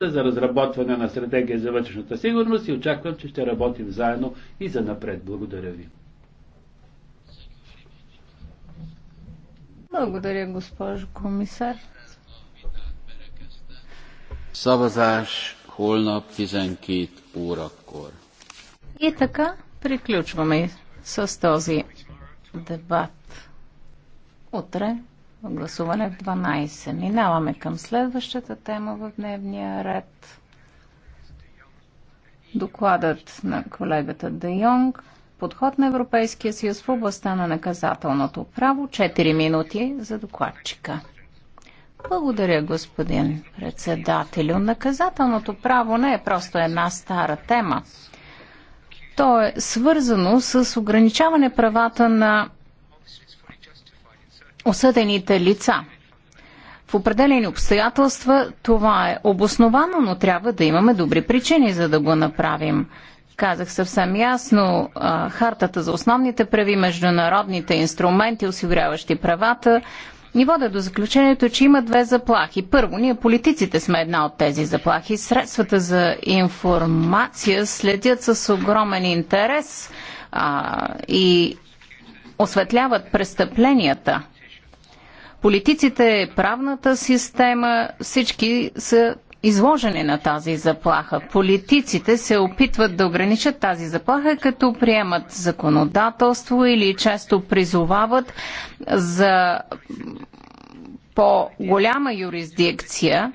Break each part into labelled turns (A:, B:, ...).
A: за разработване на стратегия за вътрешната сигурност и очаквам, че ще работим заедно и за напред. Благодаря ви.
B: Благодаря, госпожо комисар.
A: Савазаш, holnap 12 уракор.
B: И така приключваме с този дебат. Утре Гласуване в 12. Минаваме към следващата тема в дневния ред. Докладът на колегата Де Йонг. Подход на Европейския съюз в областта на наказателното право. 4 минути за докладчика. Благодаря, господин председателю. Наказателното право не е просто една стара тема. То е свързано с ограничаване правата на осъдените лица. В определени обстоятелства това е обосновано, но трябва да имаме добри причини, за да го направим. Казах съвсем ясно, а, хартата за основните прави, международните инструменти, осигуряващи правата, ни водят до заключението, че има две заплахи. Първо, ние политиците сме една от тези заплахи. Средствата за информация следят с огромен интерес а, и осветляват престъпленията Политиците, правната система, всички са изложени на тази заплаха. Политиците се опитват да ограничат тази заплаха, като приемат законодателство или често призовават за по-голяма юрисдикция.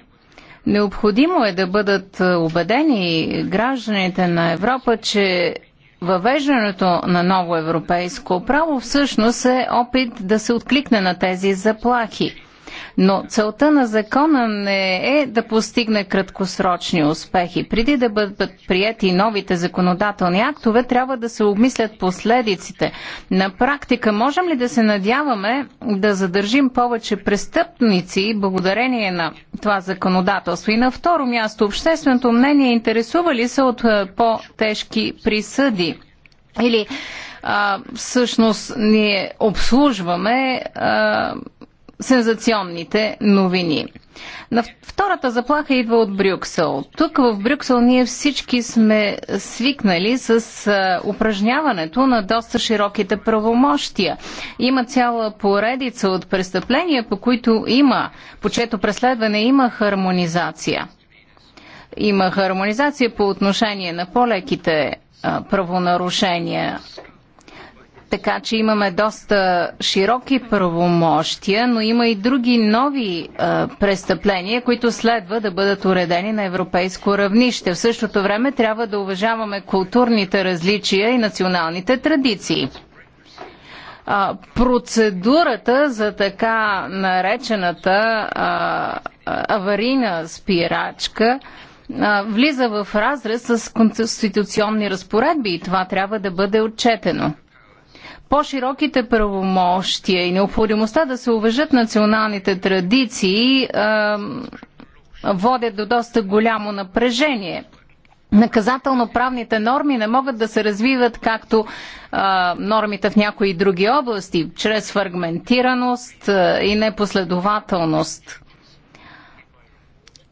B: Необходимо е да бъдат убедени гражданите на Европа, че въвеждането на ново европейско право всъщност е опит да се откликне на тези заплахи. Но целта на закона не е да постигне краткосрочни успехи. Преди да бъдат прияти новите законодателни актове, трябва да се обмислят последиците. На практика, можем ли да се надяваме да задържим повече престъпници благодарение на това законодателство? И на второ място, общественото мнение интересува ли се от по-тежки присъди? Или а, всъщност ние обслужваме а, сензационните новини. На втората заплаха идва от Брюксел. Тук в Брюксел ние всички сме свикнали с а, упражняването на доста широките правомощия. Има цяла поредица от престъпления, по които има, по чето преследване има хармонизация. Има хармонизация по отношение на по-леките правонарушения така че имаме доста широки правомощия, но има и други нови а, е, престъпления, които следва да бъдат уредени на европейско равнище. В същото време трябва да уважаваме културните различия и националните традиции. А, процедурата за така наречената а, аварийна спирачка а, влиза в разрез с конституционни разпоредби и това трябва да бъде отчетено по-широките правомощия и необходимостта да се уважат националните традиции водят до доста голямо напрежение наказателно-правните норми не могат да се развиват както а, нормите в някои други области, чрез фрагментираност а, и непоследователност.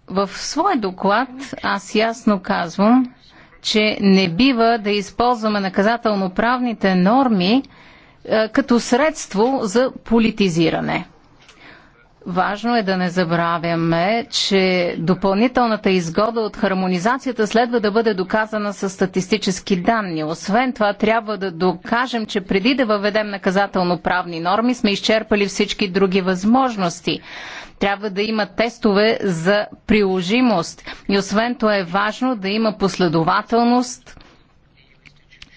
B: В свой доклад аз ясно казвам, че не бива да използваме наказателно-правните норми е, като средство за политизиране. Важно е да не забравяме, че допълнителната изгода от хармонизацията следва да бъде доказана с статистически данни. Освен това, трябва да докажем, че преди да въведем наказателно-правни норми, сме изчерпали всички други възможности трябва да има тестове за приложимост. И освен това е важно да има последователност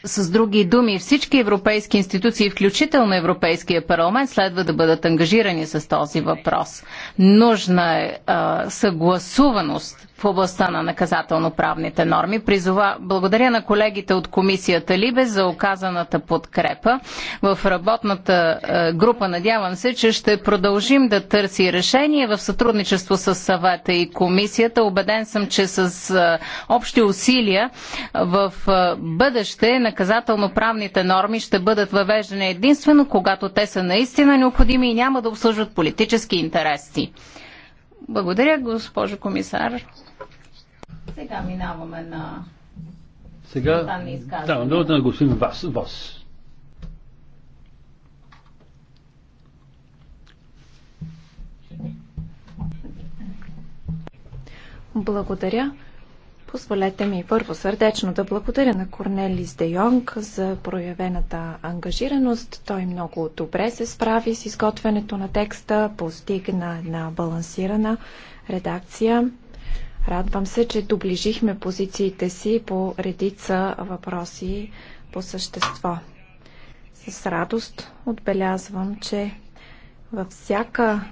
B: с други думи, всички европейски институции, включително Европейския парламент, следва да бъдат ангажирани с този въпрос. Нужна е а, съгласуваност в областта на наказателно-правните норми. Призова, благодаря на колегите от комисията Либе за оказаната подкрепа. В работната е, група надявам се, че ще продължим да търси решение в сътрудничество с съвета и комисията. Обеден съм, че с е, общи усилия в е, бъдеще наказателно-правните норми ще бъдат въвеждани единствено, когато те са наистина необходими и няма да обслужват политически интереси. Благодаря, госпожо комисар. Сега минаваме на
A: сега на думата на господин Вас. Вас.
C: Благодаря. Позволете ми първо сърдечно да благодаря на Корнелис де Йонг за проявената ангажираност. Той много добре се справи с изготвянето на текста, постигна на балансирана редакция. Радвам се, че доближихме позициите си по редица въпроси по същество. С радост отбелязвам, че във всяка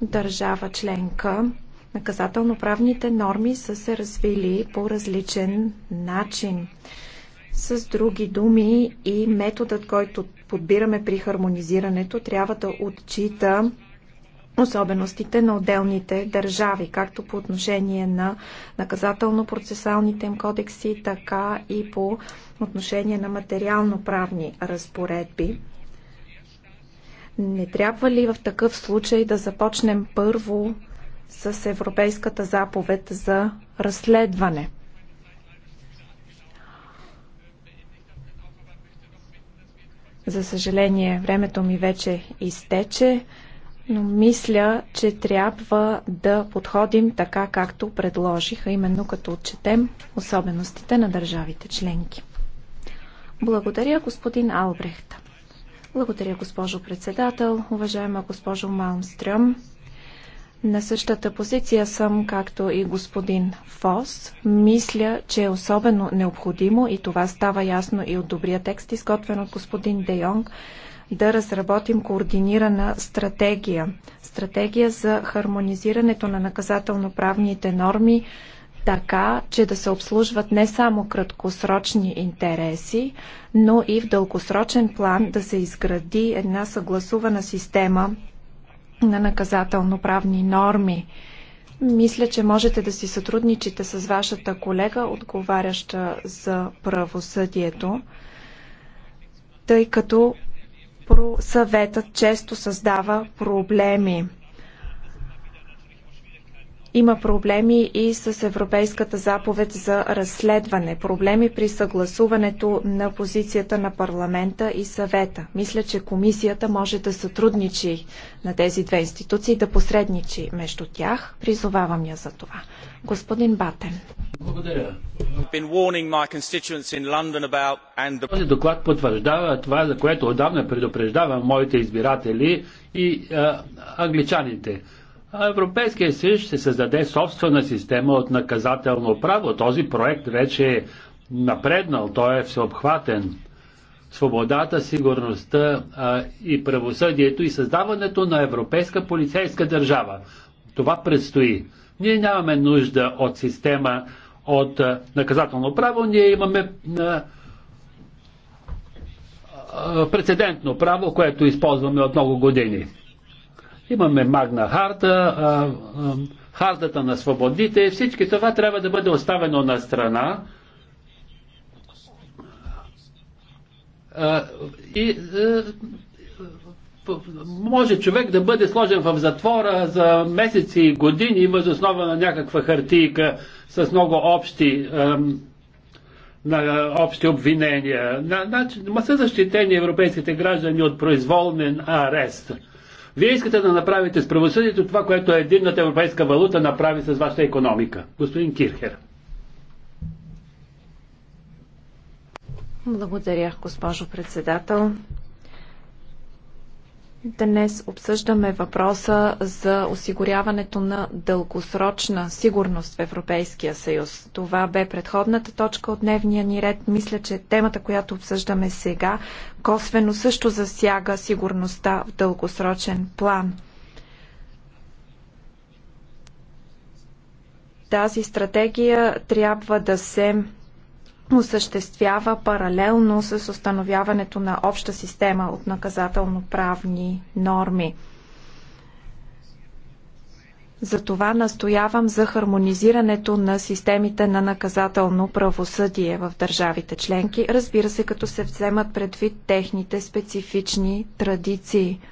C: държава членка наказателно-правните норми са се развили по различен начин. С други думи и методът, който подбираме при хармонизирането, трябва да отчита особеностите на отделните държави, както по отношение на наказателно процесалните им кодекси, така и по отношение на материално-правни разпоредби. Не трябва ли в такъв случай да започнем първо с Европейската заповед за разследване? За съжаление, времето ми вече изтече но мисля, че трябва да подходим така, както предложиха, именно като отчетем особеностите на държавите членки. Благодаря, господин Албрехт. Благодаря, госпожо председател, уважаема госпожо Малмстрем. На същата позиция съм, както и господин Фос. Мисля, че е особено необходимо и това става ясно и от добрия текст, изготвен от господин Де Йонг, да разработим координирана стратегия. Стратегия за хармонизирането на наказателно-правните норми, така, че да се обслужват не само краткосрочни интереси, но и в дългосрочен план да се изгради една съгласувана система на наказателно-правни норми. Мисля, че можете да си сътрудничите с вашата колега, отговаряща за правосъдието, тъй като Съветът често създава проблеми. Има проблеми и с Европейската заповед за разследване. Проблеми при съгласуването на позицията на парламента и съвета. Мисля, че комисията може да сътрудничи на тези две институции, да посредничи между тях. Призовавам я за това. Господин Батен.
B: Благодаря.
A: Този доклад потвърждава това, за което отдавна предупреждавам моите избиратели и а, англичаните. А Европейския съюз ще създаде собствена система от наказателно право. Този проект вече е напреднал, той е всеобхватен. Свободата, сигурността а, и правосъдието и създаването на европейска полицейска държава. Това предстои. Ние нямаме нужда от система от а, наказателно право, ние имаме а, прецедентно право, което използваме от много години. Имаме Магна Харта, а, а, Хартата на свободите. Всички това трябва да бъде оставено на страна. А, и може човек да бъде сложен в затвора за месеци и години въз основа на някаква хартийка с много общи, ем, на, общи обвинения. Значи, ма са защитени европейските граждани от произволнен арест. Вие искате да направите с правосъдието това, което единната европейска валута направи с вашата економика. Господин Кирхер.
C: Благодаря, госпожо председател. Днес обсъждаме въпроса за осигуряването на дългосрочна сигурност в Европейския съюз. Това бе предходната точка от дневния ни ред. Мисля, че темата, която обсъждаме сега, косвено също засяга сигурността в дългосрочен план. Тази стратегия трябва да се осъществява паралелно с установяването на обща система от наказателно-правни норми. Затова настоявам за хармонизирането на системите на наказателно правосъдие в държавите членки, разбира се, като се вземат предвид техните специфични традиции –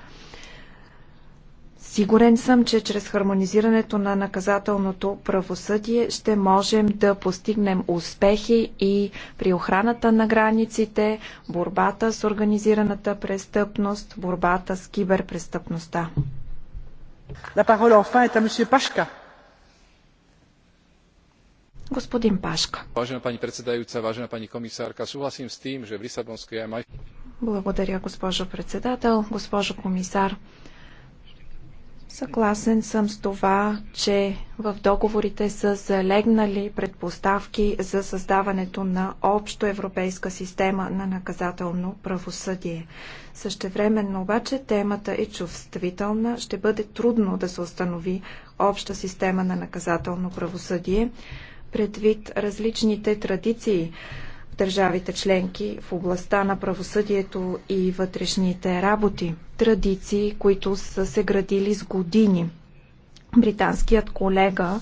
C: Сигурен съм, че чрез хармонизирането на наказателното правосъдие ще можем да постигнем успехи и при охраната на границите, борбата с организираната престъпност, борбата с киберпрестъпността. La parole enfin est à monsieur Пашка. Господин Пашка.
A: Vážená pani predsedajúca, vážená pani komisárka, súhlasím s tým, že v Lisabonskej aj
C: Благодаря, госпожо председател, госпожо комисар. Съгласен съм с това, че в договорите са залегнали предпоставки за създаването на общо европейска система на наказателно правосъдие. Същевременно обаче темата е чувствителна, ще бъде трудно да се установи обща система на наказателно правосъдие, предвид различните традиции държавите членки в областта на правосъдието и вътрешните работи. Традиции, които са се градили с години. Британският колега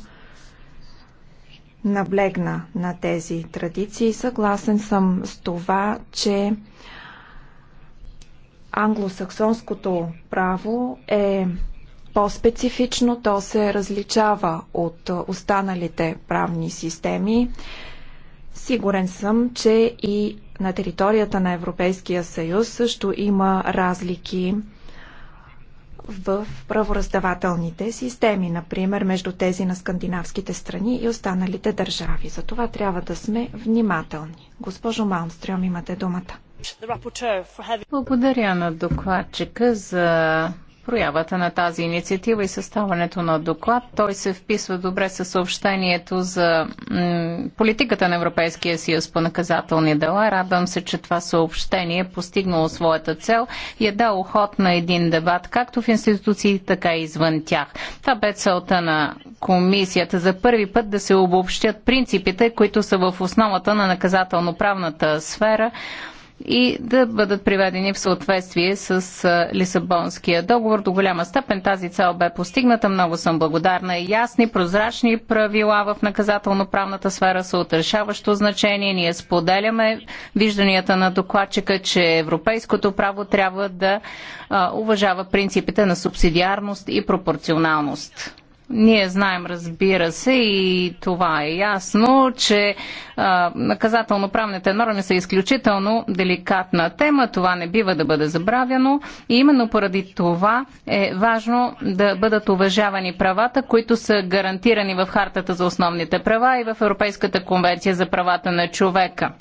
C: наблегна на тези традиции. Съгласен съм с това, че англосаксонското право е по-специфично, то се различава от останалите правни системи. Сигурен съм, че и на територията на Европейския съюз също има разлики в правораздавателните системи, например между тези на скандинавските страни и останалите държави. За това трябва да сме внимателни. Госпожо Малмстрём, имате думата.
B: Благодаря на докладчика за проявата на тази инициатива и съставането на доклад. Той се вписва добре със съобщението за политиката на Европейския съюз по наказателни дела. Радвам се, че това съобщение е постигнало своята цел и е дал ход на един дебат, както в институциите, така и извън тях. Това бе целта на комисията за първи път да се обобщят принципите, които са в основата на наказателно-правната сфера и да бъдат приведени в съответствие с Лисабонския договор. До голяма степен тази цел бе постигната. Много съм благодарна. Ясни, прозрачни правила в наказателно-правната сфера са от решаващо значение. Ние споделяме вижданията на докладчика, че европейското право трябва да уважава принципите на субсидиарност и пропорционалност. Ние знаем, разбира се, и това е ясно, че наказателно-правните норми са изключително деликатна тема. Това не бива да бъде забравяно. И именно поради това е важно да бъдат уважавани правата, които са гарантирани в Хартата за основните права и в Европейската конвенция за правата на човека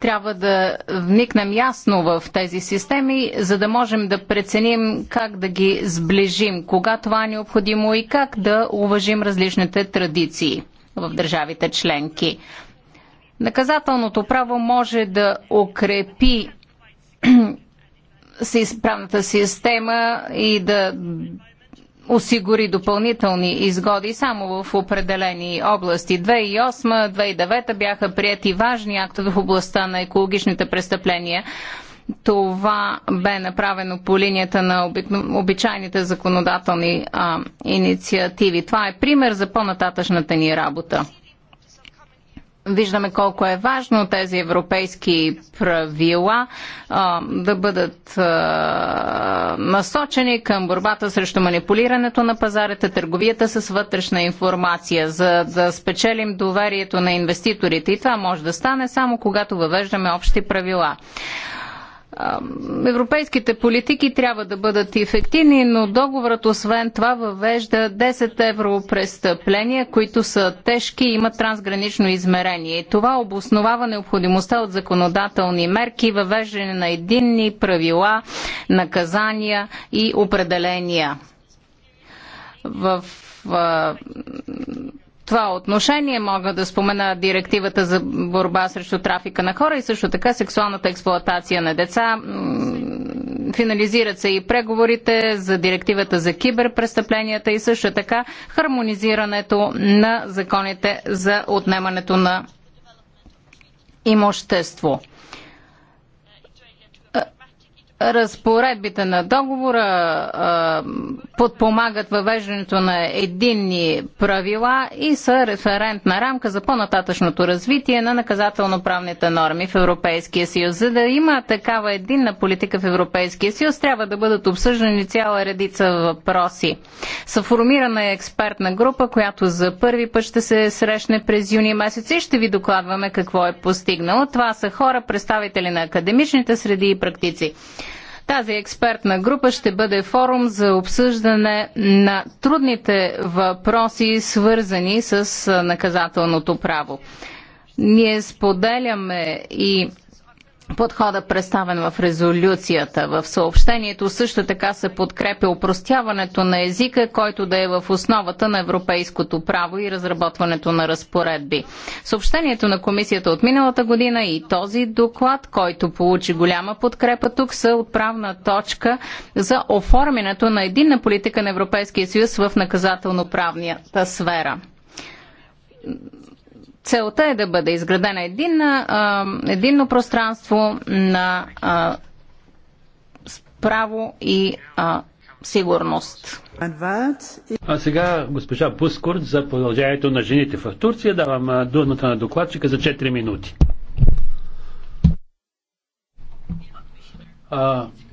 B: трябва да вникнем ясно в тези системи, за да можем да преценим как да ги сближим, кога това е необходимо и как да уважим различните традиции в държавите членки. Наказателното право може да укрепи правната система и да осигури допълнителни изгоди само в определени области. 2008-2009 бяха прияти важни актове в областта на екологичните престъпления. Това бе направено по линията на обичайните законодателни а, инициативи. Това е пример за по-нататъчната ни работа. Виждаме колко е важно тези европейски правила а, да бъдат а, насочени към борбата срещу манипулирането на пазарите, търговията с вътрешна информация, за да спечелим доверието на инвеститорите. И това може да стане само когато въвеждаме общи правила. Европейските политики трябва да бъдат ефективни, но договорът освен това въвежда 10 евро престъпления, които са тежки и имат трансгранично измерение. Това обосновава необходимостта от законодателни мерки, въвеждане на единни правила, наказания и определения. В това отношение мога да спомена директивата за борба срещу трафика на хора и също така сексуалната експлоатация на деца. Финализират се и преговорите за директивата за киберпрестъпленията и също така хармонизирането на законите за отнемането на имущество разпоредбите на договора а, подпомагат въвеждането на единни правила и са референтна рамка за по-нататъчното развитие на наказателно-правните норми в Европейския съюз. За да има такава единна политика в Европейския съюз, трябва да бъдат обсъждани цяла редица въпроси. Съформирана е експертна група, която за първи път ще се срещне през юни месец и ще ви докладваме какво е постигнало. Това са хора, представители на академичните среди и практици. Тази експертна група ще бъде форум за обсъждане на трудните въпроси, свързани с наказателното право. Ние споделяме и подхода представен в резолюцията. В съобщението също така се подкрепя упростяването на езика, който да е в основата на европейското право и разработването на разпоредби. Съобщението на комисията от миналата година и този доклад, който получи голяма подкрепа тук, са отправна точка за оформянето на единна политика на Европейския съюз в наказателно-правната сфера Целта е да бъде изградена единна, единно пространство на право и сигурност.
A: А сега госпожа Пускурт за продължението на жените в Турция. Давам думата на докладчика за 4 минути. А,